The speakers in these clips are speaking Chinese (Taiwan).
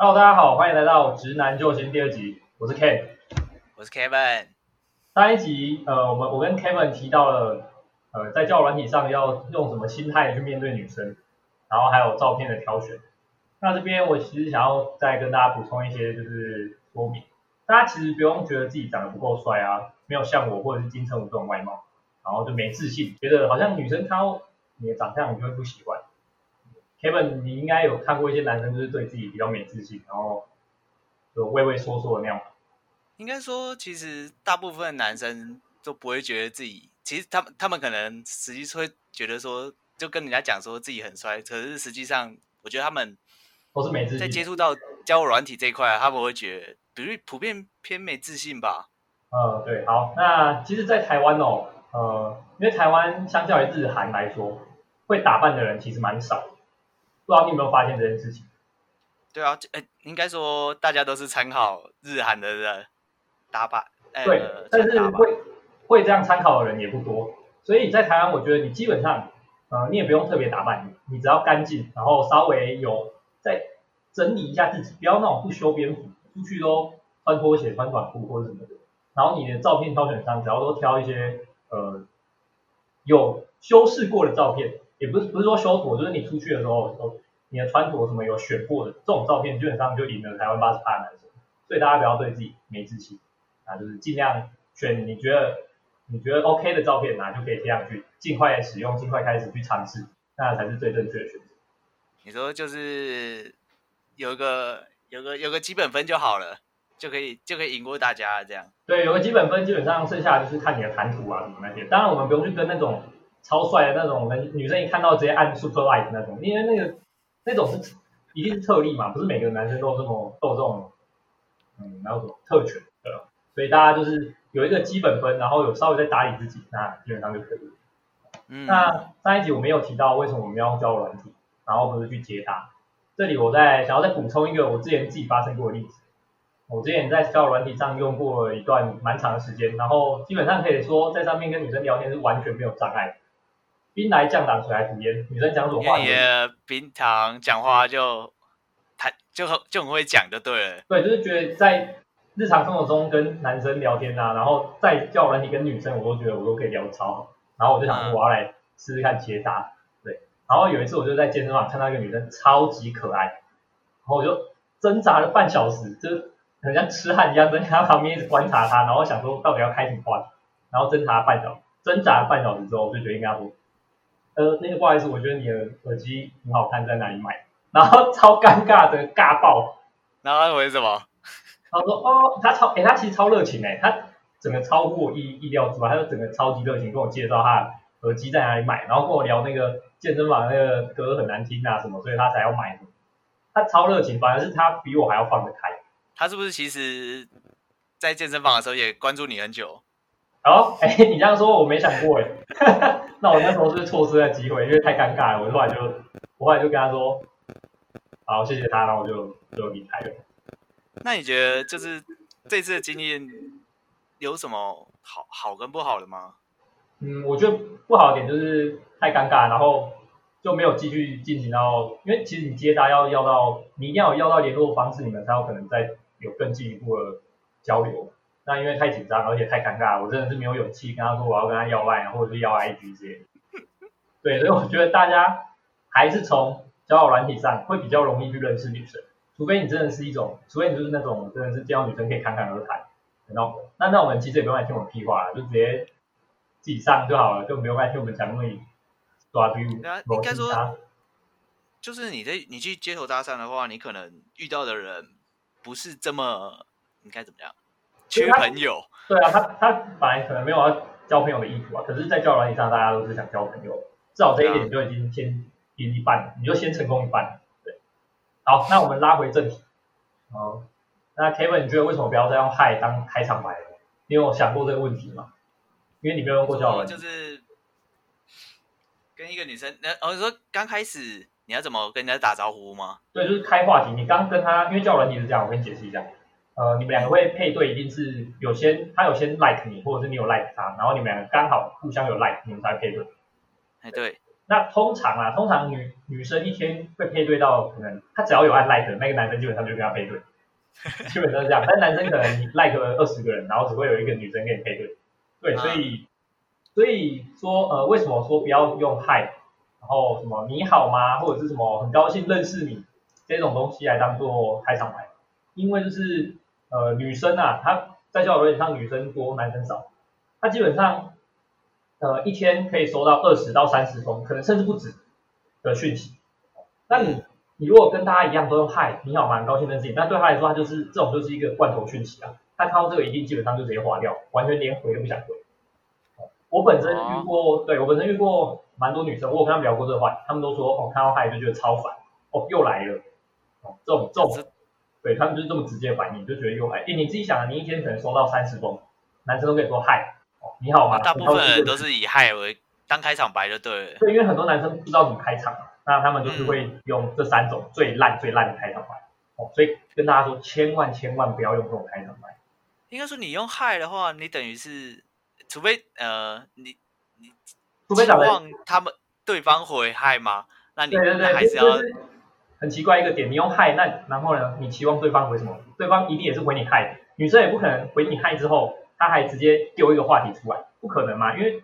Hello，大家好，歡迎來到《直男救星》第二集。我是 Ken，我是 Kevin。上一集，呃，我們我跟 Kevin 提到了，呃，在交友軟體上要用什麼心態去面對女生，然後還有照片的挑選。那這邊我其實想要再跟大家補充一些，就是說明，大家其實不用覺得自己長得不夠帥啊，沒有像我或者是金城武這種外貌，然後就沒自信，覺得好像女生挑你的長相，你就會不習慣。Kevin，你應該有看過一些男生，就是對自己比較沒自信，然後就畏畏縮縮的那樣吧？應該說，其實大部分的男生都不會覺得自己，其實他們他們可能實際會覺得說，就跟人家講說自己很帥，可是實際上，我覺得他們都是沒自信。在接觸到交友軟體這一塊，啊，他們會覺得，比如普遍偏沒自信吧？呃，對。好，那其實，在台灣哦，呃，因為台灣相較於日韓來說，會打扮的人其實蠻少的。不知道你有沒有發現這件事情？對啊，誒、欸，應該說大家都是參考日韓的人打扮。M，對，但是會把會這樣參考的人也不多。所以你在台灣，我覺得你基本上，呃，你也不用特別打扮，你只要乾淨，然後稍微有再整理一下自己，不要那種不修邊幅，出去都穿拖鞋、穿短褲或者什麼的。然後你的照片挑選上，只要多挑一些，呃，有修飾過的照片。也不是不是說修圖，就是你出去的時候，說你的穿著什麼有選過的這種照片，基本上就贏了台灣八十趴的男生，所以大家不要對自己沒自信啊，那就是盡量選你覺得你覺得 OK 的照片那、啊、就可以這樣去盡快使用，盡快開始去嘗試，那才是最正確的選擇。你說就是有一個有一個有一個基本分就好了，就可以就可以贏過大家這樣。對，有個基本分，基本上剩下就是看你的談吐啊什麼那些，當然我們不用去跟那種。超帥的那種，人女生一看到直接按 super like 那種，因為那個那種是一定是特例嘛，不是每個男生都這麼都有這種有、嗯、什麼特權對吧？所以大家就是有一個基本分，然後有稍微再打理自己，那基本上就可以了。嗯、那上一集我沒有提到為什麼我們要用交友軟體，然後不是去接他，這裡我再想要再補充一個我之前自己發生過的例子，我之前在交友軟體上用過了一段蠻長的時間，然後基本上可以說在上面跟女生聊天是完全沒有障礙的。兵來將擋，水來土掩。女生講什麼話？你的耶對冰糖講話就，她對就很就很會講，就對了。對，就是覺得在日常生活中跟男生聊天吶、啊，然後再叫人你跟女生，我都覺得我都可以聊超好。然後我就想說我要來試試看解答。嗯、對，然後有一次我就在健身房看到一個女生超級可愛，然後我就掙扎了半小時，就是很像痴漢一樣，蹲在她旁邊觀察她，然後想說到底要開什麼話，然後掙扎了半小掙扎了半小時之後，我就決定跟她說。呃，那個不好意思，我覺得你的耳機很好看，在哪裡買？然後超尷尬的，整個尬爆。然後他為什麼？他說哦，他超，哎，他其實超熱情哎，他整個超過意意料之外，他就整個超級熱情，跟我介紹他耳機在哪裡買，然後跟我聊那個健身房那個歌很難聽啊什麼，所以他才要買。他超熱情，反而是他比我還要放得開。他是不是其實在健身房的時候也關注你很久？哦，哎，你這樣說我沒想過哎。 那我那時候是錯失了機會，因為太尷尬了，我後來就，我後來就跟他說，好，謝謝他，然後我就就離開了。那你覺得就是這次的經驗有什麼好好跟不好的嗎？嗯，我覺得不好的點就是太尷尬，然後就沒有繼續進行到，因為其實你接單要要到，你一定要有要到聯絡方式，你們才有可能再有更進一步的交流。那因為太緊張，而且太尷尬，我真的是沒有勇氣跟他說我要跟他要麥，或者是要 I G 這些。對，所以我覺得大家還是從交友軟體上會比較容易去認識女生，除非你真的是一種，除非你就是那種真的是見到女生可以侃侃而談，懂嗎？那那我們其實也不用來聽我們屁話了，就直接自己上就好了，就沒有辦法聽我們講那麼耍皮應該說，就是你在你去街頭搭訕的話，你可能遇到的人不是這麼應該怎麼樣？缺朋友，對啊，他他本來可能沒有要交朋友的意圖啊，可是，在教人以上，大家都是想交朋友，至少這一點你就已經先贏、嗯、一半，你就先成功一半，對。好，那我們拉回正題。哦，那 Kevin，你覺得為什麼不要再用 Hi 當開場白了？你有想過這個問題嗎？因為你沒有用過教人、哦，就是跟一個女生，呃、哦，我說剛開始你要怎麼跟人家打招呼嗎？對，就是開話題。你剛跟她，因為教人也是這樣，我跟你解釋一下。呃，你們兩個會配對，一定是有先他有先 like 你，或者是你有 like 他，然後你們兩個剛好互相有 like，你們才配對。對。對，那通常啊，通常女女生一天會配對到可能她只要有按 like 那個男生基本上就跟她配對，基本上是這樣。但男生可能 like 了二十個人，然後只會有一個女生跟你配對。對，所以、啊、所以說呃，為什麼說不要用 hi，然後什麼你好嗎，或者是什麼很高興認識你這種東西來當做開場白？因為就是。呃，女生啊，她在交友軟件上女生多男生少，她基本上呃一天可以收到二十到三十封，可能甚至不止的訊息。但你你如果跟大家一樣都用嗨，你好，蠻高興認識你，但對他來說，他就是這種就是一個罐頭訊息啊。他看到這個一定基本上就直接劃掉，完全連回都不想回。我本身遇過，啊、對我本身遇過蠻多女生，我有跟她聊過這個話，她們都說哦，看到嗨就覺得超煩，哦，又來了，哦，這種這種。對，他們就是這麼直接的反應，就覺得又嗨，誒。你自己想啊，你一天可能收到三十封男生都可以說嗨，哦，你好嗎？哦，大部分人都是以嗨為當開場白的，對。因為很多男生不知道怎麼開場啊，那他們就是會用這三種最爛、最爛的開場白。哦，所以跟大家說，千萬千萬不要用這種開場白。應該說你用嗨的話，你等於是，除非呃，你你，希望他們對方回嗨嘛？那你對對對那還是要。對對對對很奇怪一個點，你用嗨，那然後呢？你期望對方回什麼？對方一定也是回你嗨的。女生也不可能回你嗨之後，她還直接丟一個話題出來，不可能嘛？因為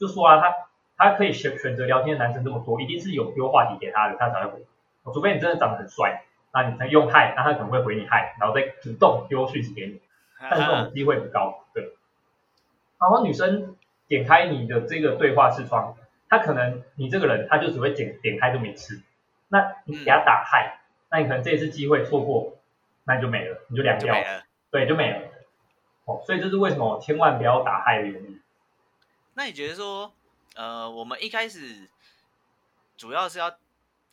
就說啊，他他可以選選擇聊天的男生這麼多，一定是有丟話題給他的，他才會回。除非你真的長得很帥，那你在用嗨，那他可能會回你嗨，然後再主動丟訊息給你，但這種機會不高。對。Uh huh. 然後女生點開你的這個對話視窗，她可能你這個人，她就只會點點開就沒吃。那你給他打嗨，嗯、那你可能這一次機會錯過，那你就沒了，你就兩就沒了對，就沒了。哦，所以這是為什麼我千萬不要打嗨的原因。那你覺得說，呃，我們一開始主要是要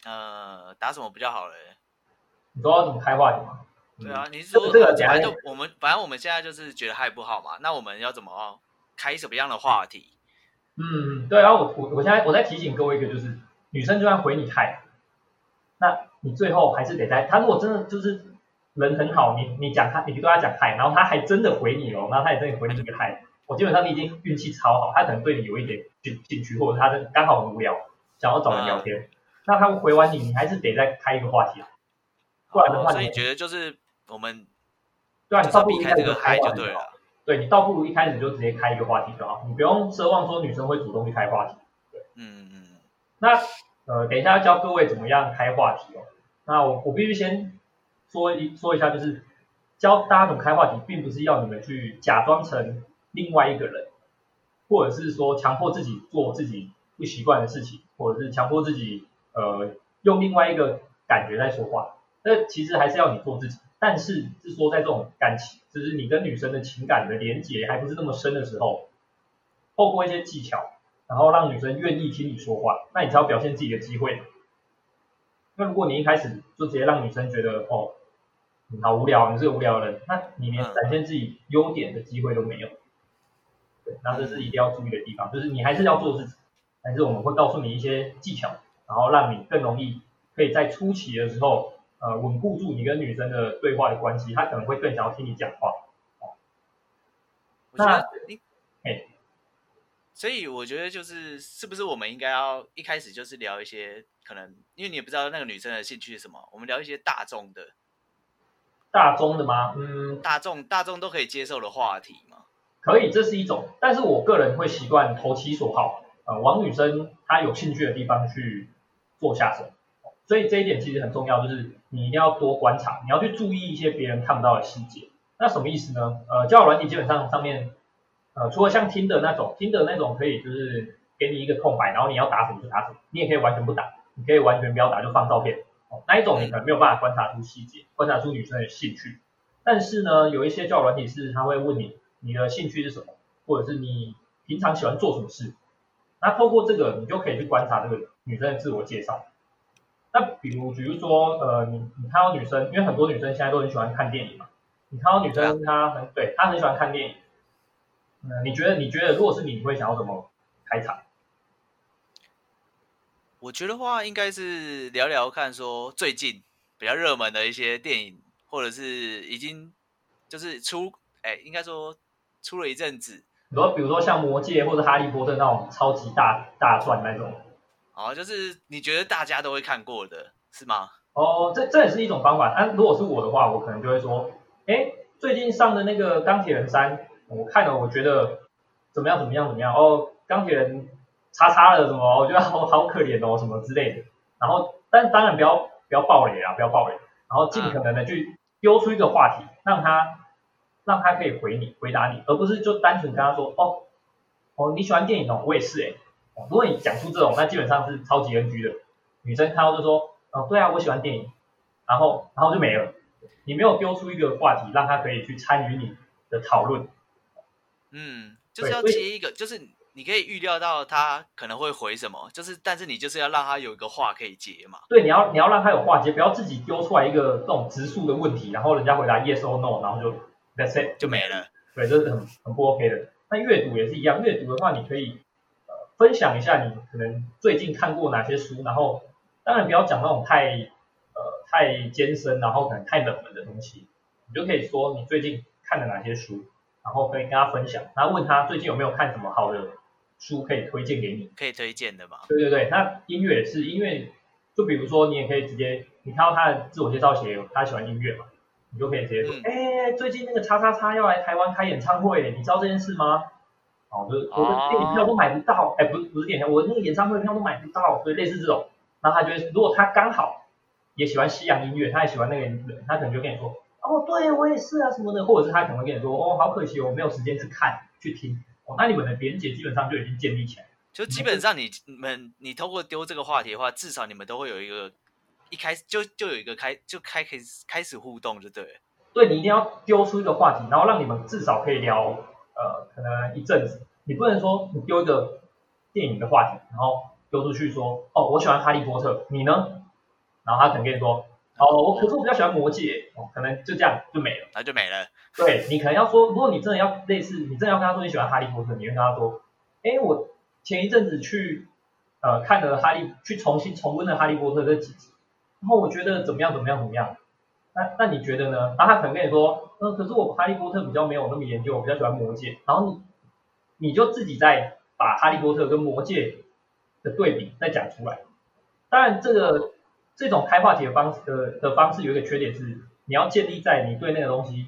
呃打什麼比較好嘞？你知道要怎麼開話題嗎？對啊，你是說、嗯、這個？反正就我們，反正我們現在就是覺得嗨不好嘛。那我們要怎麼要開什麼樣的話題？嗯，對啊，我我我現在我再提醒各位一個，就是女生就算回你嗨，那你最後還是得再，他如果真的就是人很好，你你講他，你跟他講嗨，然後他還真的回你了，然後他也真的回你個嗨，就我基本上你已經運氣超好，他可能對你有一點興興趣，或者他剛好很無聊，想要找人聊天，嗯、那他回完你，你還是得再開一個話題，不然的話，所以你覺得就是我們就開這個嗨就對？對啊，你倒不如一開始就開就好了，對你倒不如一開始就直接開一個話題就好，你不用奢望說女生會主動去開話題，嗯嗯嗯，那，呃，等一下要教各位怎麼樣開話題哦。那我我必須先說一說一下，就是教大家怎麼開話題，並不是要你們去假裝成另外一個人，或者是說強迫自己做自己不習慣的事情，或者是強迫自己呃用另外一個感覺在說話。那其實還是要你做自己，但是是說在這種感情，就是你跟女生的情感的連接還不是那麼深的時候，透過一些技巧。然後讓女生願意聽你說話，那你才有表現自己的機會。那如果你一開始就直接讓女生覺得哦，你好無聊，你是個無聊人，那你連展現自己優點的機會都沒有。對，然後這是一定要注意的地方，嗯、就是你還是要做自己。但、嗯、是我們會告訴你一些技巧，然後讓你更容易可以在初期的時候，呃，穩固住你跟女生的對話的關係，她可能會更想要聽你講話。那，嘿。所以我覺得就是是不是我們應該要一開始就是聊一些可能，因為你也不知道那個女生的興趣是什麼，我們聊一些大眾的、大眾的嗎？嗯，大眾大眾都可以接受的話題嗎？可以，這是一種，但是我個人會習慣投其所好，呃，往女生她有興趣的地方去做下手。所以這一點其實很重要，就是你一定要多觀察，你要去注意一些別人看不到的細節。那什麼意思呢？呃，交友軟體基本上上面。呃，除了像聽的那種，聽的那種可以就是給你一個空白，然後你要打什麼就打什麼，你也可以完全不打，你可以完全不要打就放照片。哦，那一種你可能沒有辦法觀察出細節，觀察出女生的興趣。但是呢，有一些交友軟體是他會問你你的興趣是什麼，或者是你平常喜歡做什麼事。那透過這個，你就可以去觀察這個女生的自我介紹。那比如比如說呃，你你看到女生，因為很多女生現在都很喜歡看電影嘛，你看到女生她很對她很喜歡看電影。嗯、你覺得？你覺得如果是你，你會想要怎麼開場？我覺得話應該是聊聊看，說最近比較熱門的一些電影，或者是已經就是出，哎、欸，應該說出了一陣子。你說，比如說像《魔戒》或者《哈利波特》那種超級大大串那種。好、哦，就是你覺得大家都會看過的，是嗎？哦，這這也是一種方法。啊，如果是我的話，我可能就會說，哎、欸，最近上的那個《鋼鐵人三》。我看了，我覺得怎麼樣怎麼樣怎麼樣，哦，鋼鐵人叉叉的什麼？我覺得好好可憐哦，什麼之類的。然後，但當然不要不要爆雷啊，不要爆雷。然後盡可能的去丟出一個話題，讓他讓他可以回你回答你，而不是就單純跟他說哦哦你喜歡電影哦，我也是誒、哦。如果你講出這種，那基本上是超級 NG 的。女生看到就說哦對啊，我喜歡電影，然後然後就沒了。你沒有丟出一個話題，讓他可以去參與你的討論。嗯，就是要接一個，對就是你可以預料到他可能會回什麼，就是但是你就是要讓他有一個話可以接嘛。對，你要你要讓他有話接，不要自己丟出來一個這種直述的問題，然後人家回答 yes or no，然後就 that's it 就沒了。對，這，就是很很不 OK 的。那閱讀也是一樣，閱讀的話，你可以呃分享一下你可能最近看過哪些書，然後當然不要講那種太呃太艱深，然後可能太冷門的東西，你就可以說你最近看了哪些書。然後可以跟他分享，然後問他最近有沒有看什麼好的書可以推薦給你，可以推薦的吧？對對對，那音樂是音樂，就比如說你也可以直接，你看到他的自我介紹寫他喜歡音樂嘛，你就可以直接說，哎，嗯，欸，最近那個叉叉叉要來台灣開演唱會，你知道這件事嗎？哦，就是我的電影票都買不到，哎，哦，欸，不是不是電影票，我那個演唱會票都買不到，所以類似這種，然後他覺得如果他剛好也喜歡西洋音樂，他也喜歡那個人，他可能就跟你說。哦，對，我也是啊，什麼的，或者是他可能會跟你說，哦，好可惜哦，我沒有時間去看去聽。哦，那你們的連接基本上就已經建立起來，就基本上你，你們，你通過丟這個話題的話，至少你們都會有一個，一開始就就有一個開就開可以開始互動，就對。對，你一定要丟出一個話題，然後讓你們至少可以聊，呃，可能一陣子。你不能說你丟一個電影的話題，然後丟出去說，哦，我喜歡哈利波特，你呢？然後他肯定跟你說。哦，我可是我比較喜歡魔戒。哦，可能就這樣就沒了，那就沒了。對，你可能要說，如果你真的要類似，你真的要跟他說你喜歡哈利波特，你跟他說，哎、欸，我前一陣子去呃看了哈利，去重新重溫了哈利波特這幾集，然後我覺得怎麼樣怎麼樣怎麼樣，怎麼樣，那那你覺得呢？然、啊、後他可能跟你說，嗯、呃，可是我哈利波特比較沒有那麼研究，我比較喜歡魔戒，然後你你就自己再把哈利波特跟魔戒的對比再講出來，當然這個。這種開話題的方式的，的方式有一個缺點是，你要建立在你對那個東西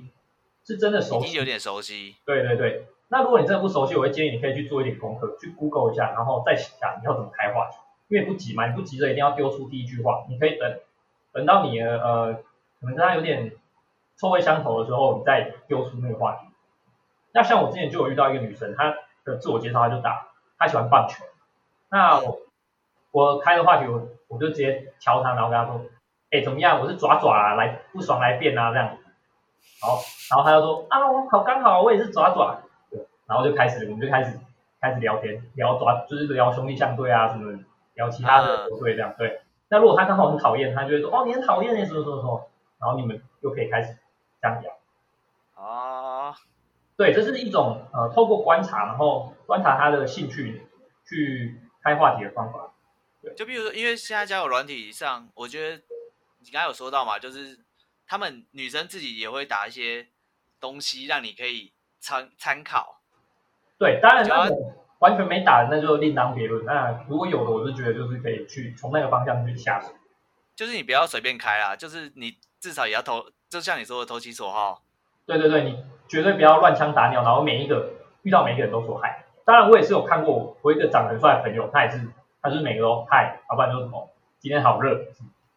是真的熟悉，你有點熟悉。對對對，那如果你真的不熟悉，我會建議你可以去做一點功課，去 Google 一下，然後再想你要怎麼開話題。因為你不急嘛，你不急着一定要丟出第一句話，你可以等等到你呃，可能跟他有點臭味相投的時候，你再丟出那個話題。那像我之前就有遇到一個女生，她的自我介紹，她就打她喜歡棒球。那我、嗯、我開的話題。我就直接敲他，然後跟他說，哎、欸，怎麼樣？我是爪爪啊，來不爽來辯啊，這樣子。然後，然後他就說，啊，我好剛好，我也是爪爪。對，然後就開始，我們就開始開始聊天，聊爪，就是聊兄弟相對啊，什麼聊其他的球隊這樣。啊、對，那如果他剛好很討厭，他就會說，哦，你很討厭誒，什麼什麼什麼，什麼。然後你們又可以開始這樣聊。啊，對，這是一種呃，透過觀察，然後觀察他的興趣去開話題的方法。就比如說，因為現在交友軟體上，我覺得你剛才有說到嘛，就是他們女生自己也會打一些東西，讓你可以參參考。對，當然完全沒打的那就另當別論。當然，如果有的，我就覺得就是可以去從那個方向去下手。就是你不要隨便開啊，就是你至少也要投，就像你說的投其所好。對對對，你絕對不要亂槍打鳥，然後每一個遇到每一個人都說嗨。當然我也是有看過我一個長得很帥的朋友，他也是。他就是每個都嗨，要不然說什麼今天好熱。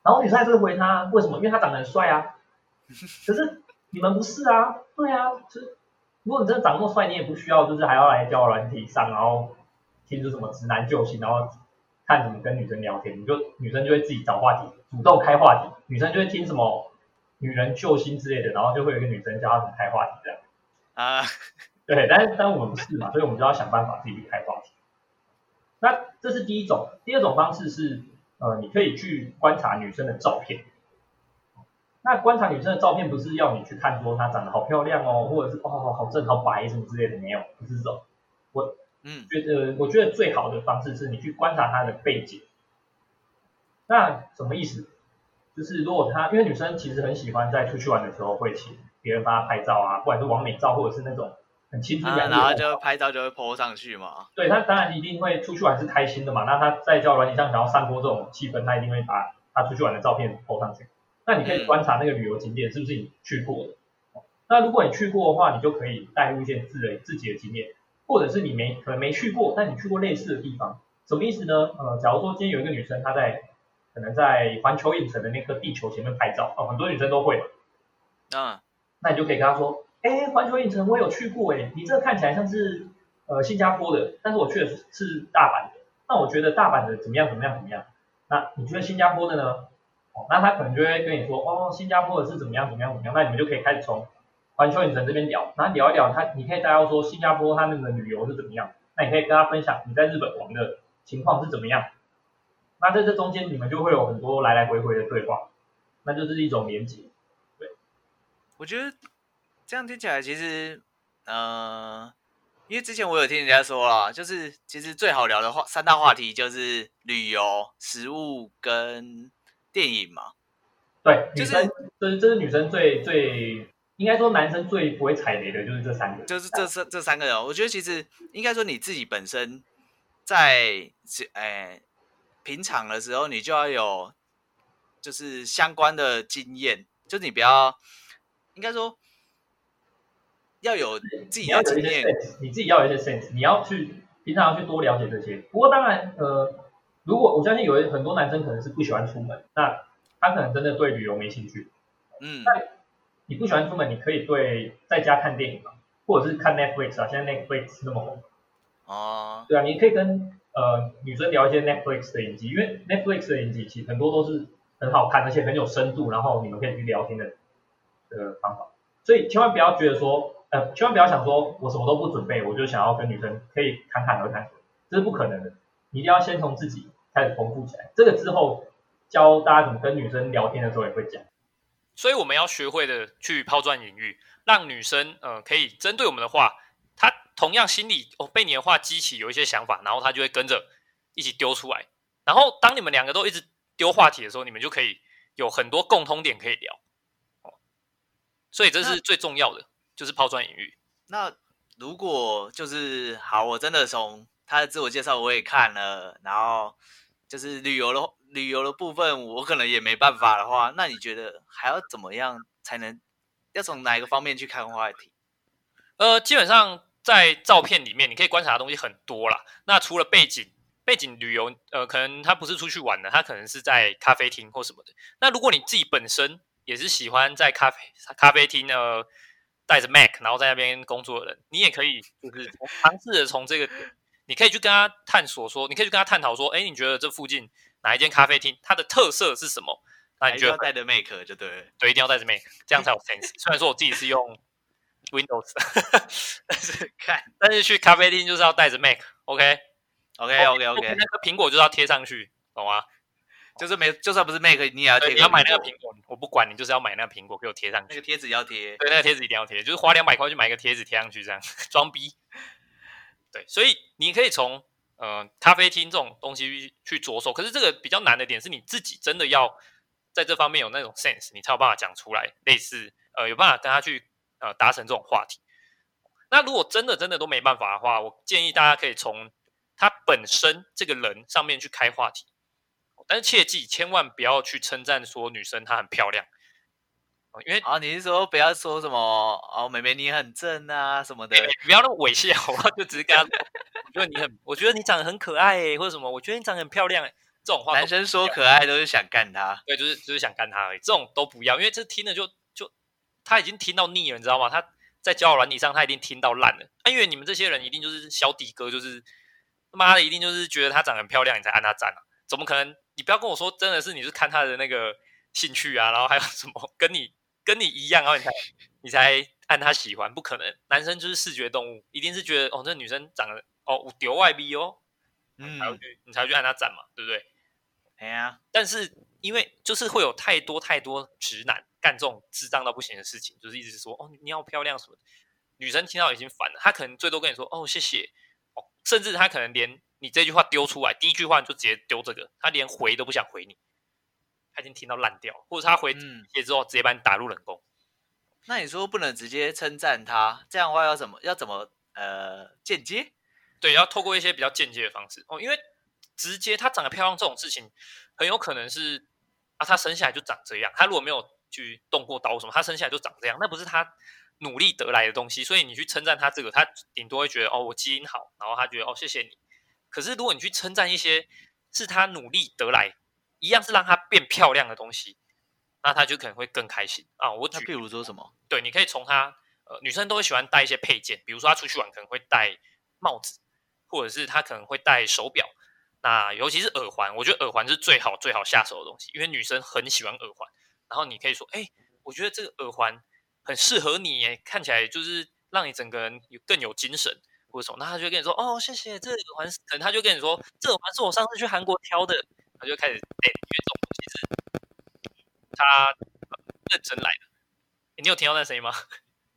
然後女生還是回他，為什麼？因為他長得很帥啊。可是你們不是啊？對啊，就如果你真的長那麼帥，你也不需要就是還要來教軟體上，然後聽什麼直男救星，然後看怎麼跟女生聊天，你就女生就會自己找話題，主動開話題。女生就會聽什麼女人救星之類的，然後就會有一個女生教他怎麼開話題這樣。啊、uh，對，但是但我們不是嘛，所以我們就要想辦法自己去開話題。這是第一種，第二種方式是，呃，你可以去觀察女生的照片。那觀察女生的照片不是要你去看說她長得好漂亮哦，或者是哦好正好白什麼之類的沒有，不是這種。我，嗯，我覺得我覺得最好的方式是你去觀察她的背景。那什麼意思？就是如果她因為女生其實很喜歡在出去玩的時候會請別人幫她拍照啊，不管是網美照或者是那種。很清楚、啊、然後就拍照就會 PO 上去嘛。對，他當然一定會出去玩是開心的嘛，那他在交軟體上，想要散播這種氣氛，他一定會把他出去玩的照片 PO 上去。那你可以觀察那個旅遊景點、嗯、是不是你去過的、哦。那如果你去過的話，你就可以帶入一些自己自己的經驗，或者是你沒可能沒去過，但你去過類似的地方，什麼意思呢？呃，假如說今天有一個女生她在可能在環球影城的那顆地球前面拍照，哦，很多女生都會嘛。啊、嗯，那你就可以跟她說。哎，環球影城我有去過哎，你這個看起來像是呃新加坡的，但是我去的是大阪的。那我覺得大阪的怎麼樣？怎麼樣？怎麼樣？那你覺得新加坡的呢？哦，那他可能就會跟你說，哦，新加坡的是怎麼樣？怎麼樣？怎麼樣？那你們就可以開始從環球影城這邊聊，然後聊一聊他，你可以帶到說新加坡他那個旅遊是怎麼樣，那你可以跟他分享你在日本玩的情況是怎麼樣。那在這中間你們就會有很多來來回回的對話，那就是一種連接。對，我覺得。這樣聽起來其實，呃，因為之前我有聽人家說啦，就是其實最好聊的話三大話題就是旅遊、食物跟電影嘛。對，就是，就是就是這是女生最最應該說男生最不會踩雷的，就是這三個，就是這三、啊、這三個人。我覺得其實應該說你自己本身在，哎，平常的時候你就要有就是相關的經驗，就你不要應該說。要有你自己要有一些 sense，你自己要有一些 sense，你要去平常要去多了解這些。不過當然，呃，如果我相信有很多男生可能是不喜歡出門，那他可能真的對旅遊沒興趣。嗯，那你不喜歡出門，你可以對在家看電影嘛，或者是看 Netflix 啊，現在 Netflix 那麼火。啊，對啊，你可以跟呃女生聊一些 Netflix 的影集，因為 Netflix 的影集其實很多都是很好看，而且很有深度，然後你們可以去聊天的這個方法。所以千萬不要覺得說。呃，千萬不要想說我什麼都不準備，我就想要跟女生可以侃侃而談，這是不可能的。你一定要先從自己開始豐富起來。這個之後教大家怎麼跟女生聊天的時候也會講。所以我們要學會的去拋磚引玉，讓女生呃可以針對我們的話，她同樣心裡哦被你的話激起有一些想法，然後她就會跟着一起丟出來。然後當你們兩個都一直丟話題的時候，你們就可以有很多共通點可以聊。哦，所以這是最重要的。就是拋磚引玉。那如果就是好，我真的從他的自我介紹我也看了，然後就是旅遊的旅遊的部分，我可能也沒辦法的話，那你覺得還要怎麼樣才能？要從哪一個方面去看話題？呃，基本上在照片裡面你可以觀察的東西很多啦。那除了背景，背景旅遊，呃，可能他不是出去玩的，他可能是在咖啡廳或什麼的。那如果你自己本身也是喜歡在咖啡咖啡廳的。帶着 Mac，然後在那邊工作的人，你也可以就是嘗試着從這個，你可以去跟他探索說，你可以去跟他探討說，哎、欸，你覺得這附近哪一間咖啡廳它的特色是什麼？那你覺得帶着 Mac 就對對，一定要帶着 Mac，這樣才有 sense。 雖然說我自己是用 Windows 的，但是看，但是去咖啡廳就是要帶着 Mac，OK，OK，OK，OK，、okay? okay, okay , okay. 那個蘋果就是要貼上去，懂嗎？就是沒，就算不是 Mac，你也要貼。你要買那個蘋果，我，我不管你，就是要買那個蘋果給我貼上去。那個貼紙要貼，對，那個貼紙一定要貼，就是花兩百塊去買一個貼紙貼上去，這樣裝逼。對，所以你可以從嗯、呃、咖啡廳這種東西去着手，可是這個比較難的點是你自己真的要在這方面有那種 sense，你才有辦法講出來，類似呃有辦法跟他去呃達成這種話題。那如果真的真的都沒辦法的話，我建議大家可以從他本身這個人上面去開話題。但是切記，千萬不要去稱讚說女生她很漂亮，因為啊，你是說不要說什麼哦，妹妹你很正啊什麼的，欸欸、不要那麼猥褻好不好？ 就只是跟他，就 你很，我覺得你長得很可愛、欸，或者什麼，我覺得你長得很漂亮、欸，這種話男生說可愛都是想幹他，對，就是就是想幹他，而已，這種都不要，因為這聽了就就他已經聽到膩了，你知道嗎？他在交友軟體上他已經聽到爛了，但因為你們這些人一定就是小底哥，就是他媽的，他一定就是覺得她長得很漂亮，你才按他讚啊，怎麼可能？你不要跟我說，真的是你是看他的那個興趣啊，然後還有什麼跟你跟你一樣，然後你才你才按他喜歡，不可能。男生就是視覺動物，一定是覺得哦，這個、女生長得哦，我屌外幣哦，嗯你，你才去按他讚嘛，對不對？哎呀、嗯，但是因為就是會有太多太多直男幹這種智障到不行的事情，就是一直說哦，你好漂亮什麼的，女生聽到已經煩了，她可能最多跟你說哦，謝謝哦，甚至她可能連。你這句話丟出來，第一句話你就直接丟這個，他連回都不想回你，他已經聽到爛掉，或者他回一之後，嗯、直接把你打入冷宮。那你說不能直接稱讚他，這樣的話要怎麼要怎麼呃間接？對，要透過一些比較間接的方式哦，因為直接他長得漂亮這種事情，很有可能是啊，他生下來就長這樣，他如果沒有去動過刀什麼，他生下來就長這樣，那不是他努力得來的東西，所以你去稱讚他這個，他頂多會覺得哦我基因好，然後他覺得哦謝謝你。可是，如果你去稱讚一些是他努力得來，一樣是讓她變漂亮的東西，那她就可能會更開心啊！我舉，她譬如說什麼？對，你可以從她，呃，女生都會喜歡戴一些配件，比如說她出去玩可能會戴帽子，或者是她可能會戴手表。那尤其是耳環，我覺得耳環是最好最好下手的東西，因為女生很喜歡耳環。然後你可以說，哎、欸，我覺得這個耳環很適合你，哎，看起來就是讓你整個人有更有精神。握手，那他就跟你說：“哦，謝謝。”這個環，可能他就跟你說：“這個環是我上次去韓國挑的。”他就開始哎，因為他認真來的、欸。你有聽到那聲音嗎？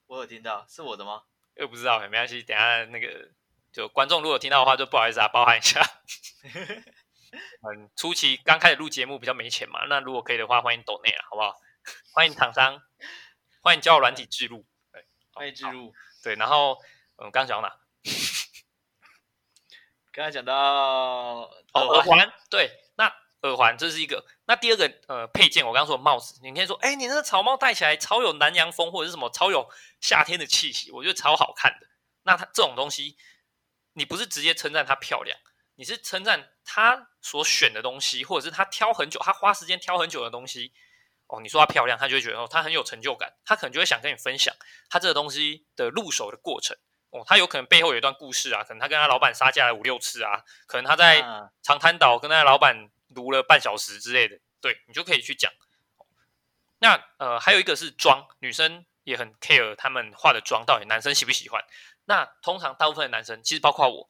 我有聽到，是我的嗎？又不知道，沒關係。等下那個就觀眾如果聽到的話，就不好意思啊，包涵一下。 嗯，初期剛開始錄節目比較沒錢嘛，那如果可以的話，歡迎抖內啊，好不好？歡迎廠商， 歡迎交友軟體記錄，哎，歡迎記錄。好對，然後嗯，剛講到哪？剛才講到耳環、哦，耳環。對，那耳環這是一個。那第二個呃配件，我剛說的帽子，你可以說，哎、欸，你那個草帽戴起來超有南洋風，或者是什麼超有夏天的氣息，我覺得超好看的。那它這種東西，你不是直接稱讚它漂亮，你是稱讚他所選的東西，或者是他挑很久，他花時間挑很久的東西。哦，你說它漂亮，他就會覺得哦，他很有成就感，他可能就會想跟你分享他這個東西的入手的過程。哦，他有可能背後有一段故事啊，可能他跟他老闆殺價了五六次啊，可能他在長灘島跟他的老闆擼了半小時之類的，對，你就可以去講。那呃，還有一個是妝，女生也很 care 他們化的妝到底男生喜不喜歡。那通常大部分的男生其實包括我，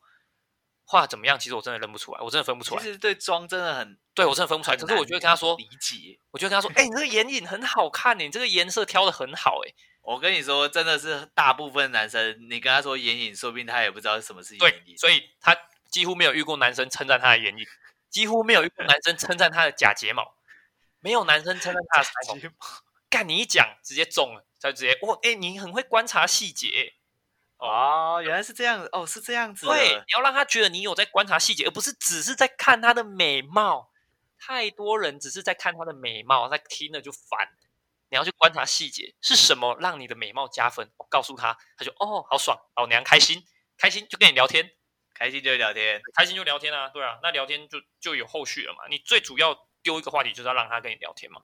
畫怎麼樣，其實我真的認不出來，我真的分不出來。其實對妝真的很對，對我真的分不出來。可是我就會跟他說，理解。我就會跟他說，哎、欸，你、那、這個眼影很好看，你這個顏色挑的很好，哎。我跟你說，真的是大部分男生，你跟他說眼影，說不定他也不知道什麼是眼影。對，所以他幾乎沒有遇過男生稱讚他的眼影，幾乎沒有遇過男生稱讚他的假睫毛， 沒有男生稱讚他的假睫毛。 幹你一講，直接中了，他直接哇，哎、哦欸，你很會觀察細節。哦，嗯、原來是這樣子，哦，是這樣子。對，你要讓他覺得你有在觀察細節，而不是只是在看他的美貌。太多人只是在看他的美貌，他聽了就煩。你要去觀察細節是什麼讓你的美貌加分？我、哦、告訴他，他說：“哦，好爽，老娘開心，開心就跟你聊天，開心就聊天，開心就聊天啊，對啊，那聊天就就有後續了嘛。你最主要丟一個話題，就是要讓他跟你聊天嘛。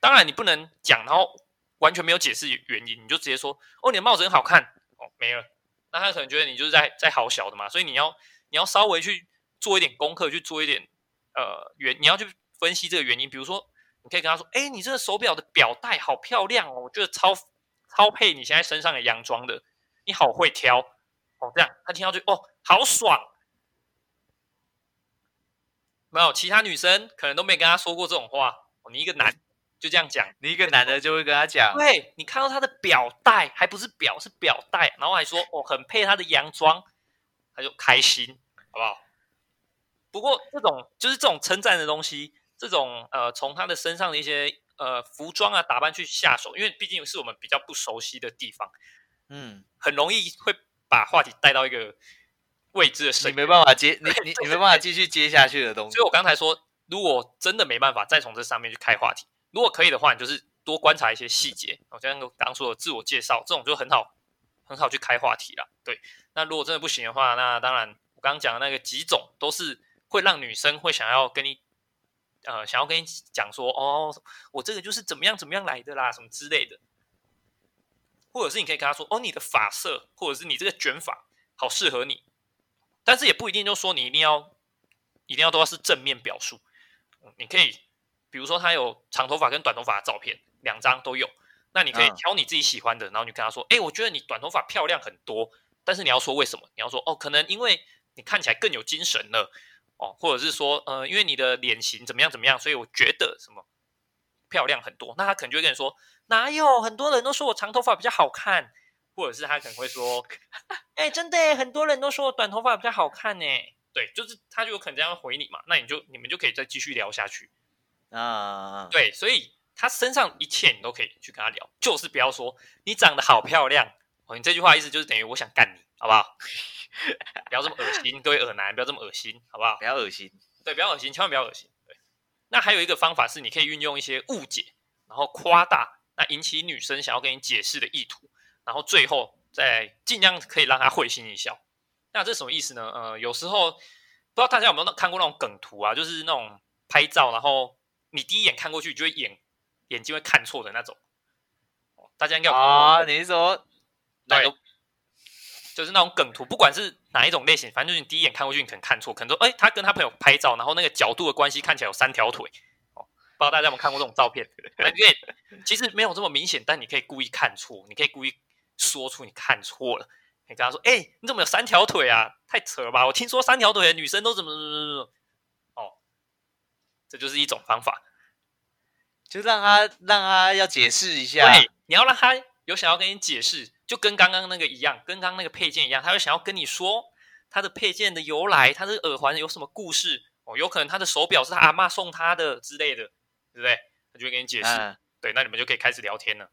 當然，你不能講，然後完全沒有解釋原因，你就直接說：哦，你的帽子很好看，哦，沒了。那他可能覺得你就是在在好小的嘛，所以你要你要稍微去做一點功課，去做一點呃原，你要去分析這個原因，比如說。”你可以跟他說：“哎，你這個手表的表帶好漂亮哦，我覺得超超配你現在身上的洋裝的，你好會挑哦。”這樣他聽到就哦，好爽。沒有其他女生可能都沒跟他說過這種話。哦，你一個男就這樣講，你一個男的就會跟他講：“對，你看到他的表帶，還不是表是表帶，然後還說哦很配他的洋裝，他就開心好不好？”不過這種就是這種稱讚的東西。這種呃，從她的身上的一些呃服裝啊、打扮去下手，因為畢竟是我們比較不熟悉的地方，嗯，很容易會把話題帶到一個未知的身，你沒辦法接，你你你沒辦法繼續接下去的東西。所以，我剛才說，如果真的沒辦法再從這上面去開話題，如果可以的話，你就是多觀察一些細節，我剛剛剛說的自我介紹這種就很好，很好去開話題了。對，那如果真的不行的話，那當然我剛剛講的那個幾種都是會讓女生會想要跟你。呃，想要跟你講說，哦，我這個就是怎麼樣怎麼樣來的啦，什麼之類的。或者是你可以跟他說，哦，你的髮色，或者是你這個捲髮，好適合你。但是也不一定，就說你一定要，一定要都要是正面表述。你可以，比如說他有長頭髮跟短頭髮的照片，兩張都有。那你可以挑你自己喜歡的，然後你跟他說，哎、嗯欸，我覺得你短頭髮漂亮很多。但是你要說為什麼？你要說，哦，可能因為你看起來更有精神了。哦，或者是說，呃，因為你的臉型怎麼樣怎麼樣，所以我覺得什麼漂亮很多。那他可能就會跟你說，哪有很多人都說我長頭髮比較好看，或者是他可能會說，哎、 欸，真的很多人都說我短頭髮比較好看呢。對，就是他就有可能這樣回你嘛。那你就你們就可以再繼續聊下去啊。Uh、對，所以他身上一切你都可以去跟他聊，就是不要說你長得好漂亮哦。你這句話意思就是等於我想幹你。好不好？ 不要這麼噁心， 各位惡男，不要這麼噁心，好不好？不要噁心，對，不要噁心，千萬不要噁心。對，那還有一個方法是，你可以運用一些誤解，然後誇大，那引起女生想要跟你解釋的意圖，然後最後再儘量可以讓她會心一笑。那這是什麼意思呢？呃，有時候不知道大家有沒有看過那種梗圖啊，就是那種拍照，然後你第一眼看過去，就會眼眼睛會看錯的那種。哦，大家應該、那個、啊，你是說哪就是那種梗圖，不管是哪一種類型，反正就是你第一眼看過去，你可能看錯，可能說，哎、欸，他跟他朋友拍照，然後那個角度的關係看起來有三條腿，哦，不知道大家有沒有看過這種照片？因為 其實沒有這麼明顯，但你可以故意看錯，你可以故意說出你看錯了，你跟他說，哎、欸，你怎麼有三條腿啊？太扯了吧！我聽說三條腿的女生都怎麼怎麼怎麼怎麼，哦，這就是一種方法，就讓他讓他要解釋一下、嗯，你要讓他有想要跟你解釋。就跟剛剛那個一樣，跟剛那個配件一樣，他會想要跟你說他的配件的由來，他的耳環有什麼故事哦，有可能他的手錶是他阿嬤送他的之類的，對不對？他就會跟你解釋。啊、對，那你們就可以開始聊天了。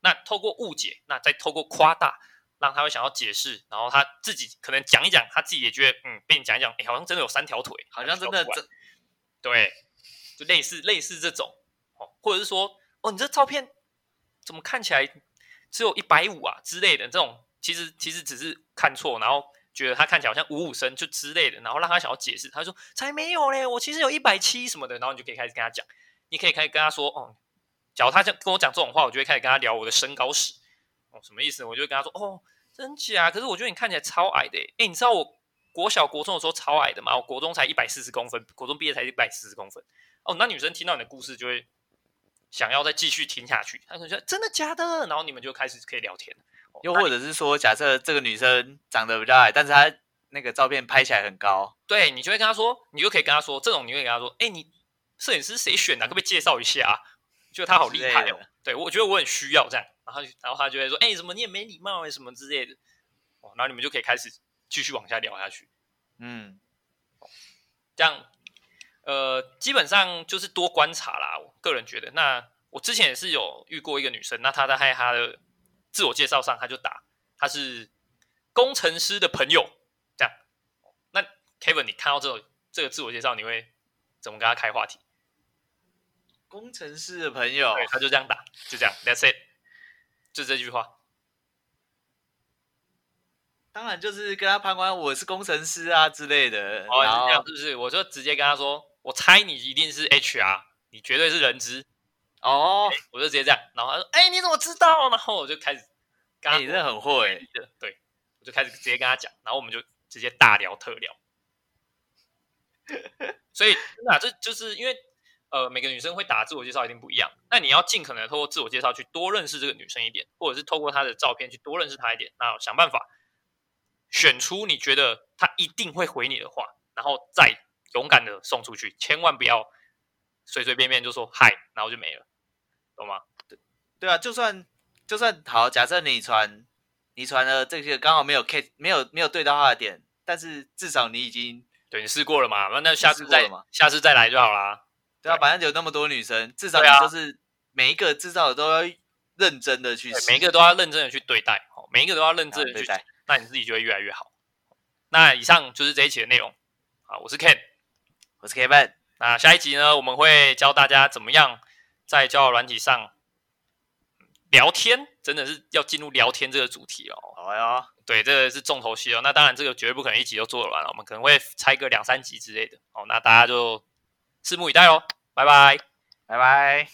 那透過誤解，那再透過誇大，讓他會想要解釋，然後他自己可能講一講，他自己也覺得嗯，被你講一講，哎、欸，好像真的有三條腿，好像，好像真的真，對，就類似類似這種哦，或者是說哦，你這照片怎麼看起來？只有一百五啊之類的這種，其實其實只是看錯，然後覺得他看起來好像五五身就之類的，然後讓他想要解釋，他說才沒有嘞，我其實有一百七什麼的，然後你就可以開始跟他講，你可以開始跟他說哦，假如他跟我講這種話，我就會開始跟他聊我的身高史哦，什麼意思？我就會跟他說哦，真假？可是我覺得你看起來超矮的、欸，誒、欸，你知道我國小國中的時候超矮的嘛？我國中才一百四十公分，國中畢業才一百四十公分。哦，那女生聽到你的故事就會。想要再繼續聽下去，他可能說真的假的，然後你們就開始可以聊天。又或者是說，假設這個女生長得比較矮，但是她那個照片拍起來很高，對，你就會跟她說，你就可以跟她說，這種你會跟她說，哎，你攝影師誰選的啊，可不可以介紹一下啊？就他好厲害哦。對，我覺得我很需要這樣，然後他然後他就會說，哎，怎麼你也沒禮貌欸，什麼之類的。哦，然後你們就可以開始繼續往下聊下去。嗯，這樣。呃，基本上就是多觀察啦。我個人覺得，那我之前也是有遇過一個女生，那她在她的自我介紹上，她就打她是工程師的朋友這樣。那 Kevin，你看到這種、個、這個自我介紹，你會怎麼跟他開話題？工程師的朋友，對，他就這樣打，就這樣 ，That's it，就這句話。當然就是跟他攀關係，我是工程師啊之類的，哦、然後就這樣是不是？我就直接跟他說。我猜你一定是 HR，你絕對是人資哦！Oh. 我就直接這樣，然後他說：“哎、欸，你怎麼知道？”然後我就開始，剛、欸、你真的很會、欸，對，我就開始直接跟他講，然後我們就直接大聊特聊。 所以真的、啊，這就是因為，呃，每個女生會打自我介紹一定不一樣。那你要儘可能透過自我介紹去多認識這個女生一點，或者是透過她的照片去多認識她一點。那想辦法選出你覺得她一定會回你的話，然後再。勇敢的送出去，千萬不要隨隨便便就說嗨，然後就沒了，懂嗎？對，對啊，就算就算好，假設你傳你傳的這些剛好沒有 K，沒有沒有對到他的點，但是至少你已經對你試過了嘛，那那下次再，下次再來就好啦。對，對啊，反正有那麼多女生，至少你就是每一個製造的都要認真的去，每一個都要認真的去對待，每一個都要認真的去對待，那你自己就會越來越好。那以上就是這一期的內容，好，我是 Ken。我是 Kevin，那下一集呢，我們會教大家怎麼樣在交友軟體上聊天，真的是要進入聊天這個主題哦。好啊，對，這個是重頭戲哦。那當然，這個絕對不可能一集就做完了，我們可能會拆個兩三集之類的。哦，那大家就拭目以待嘍。拜拜，拜拜。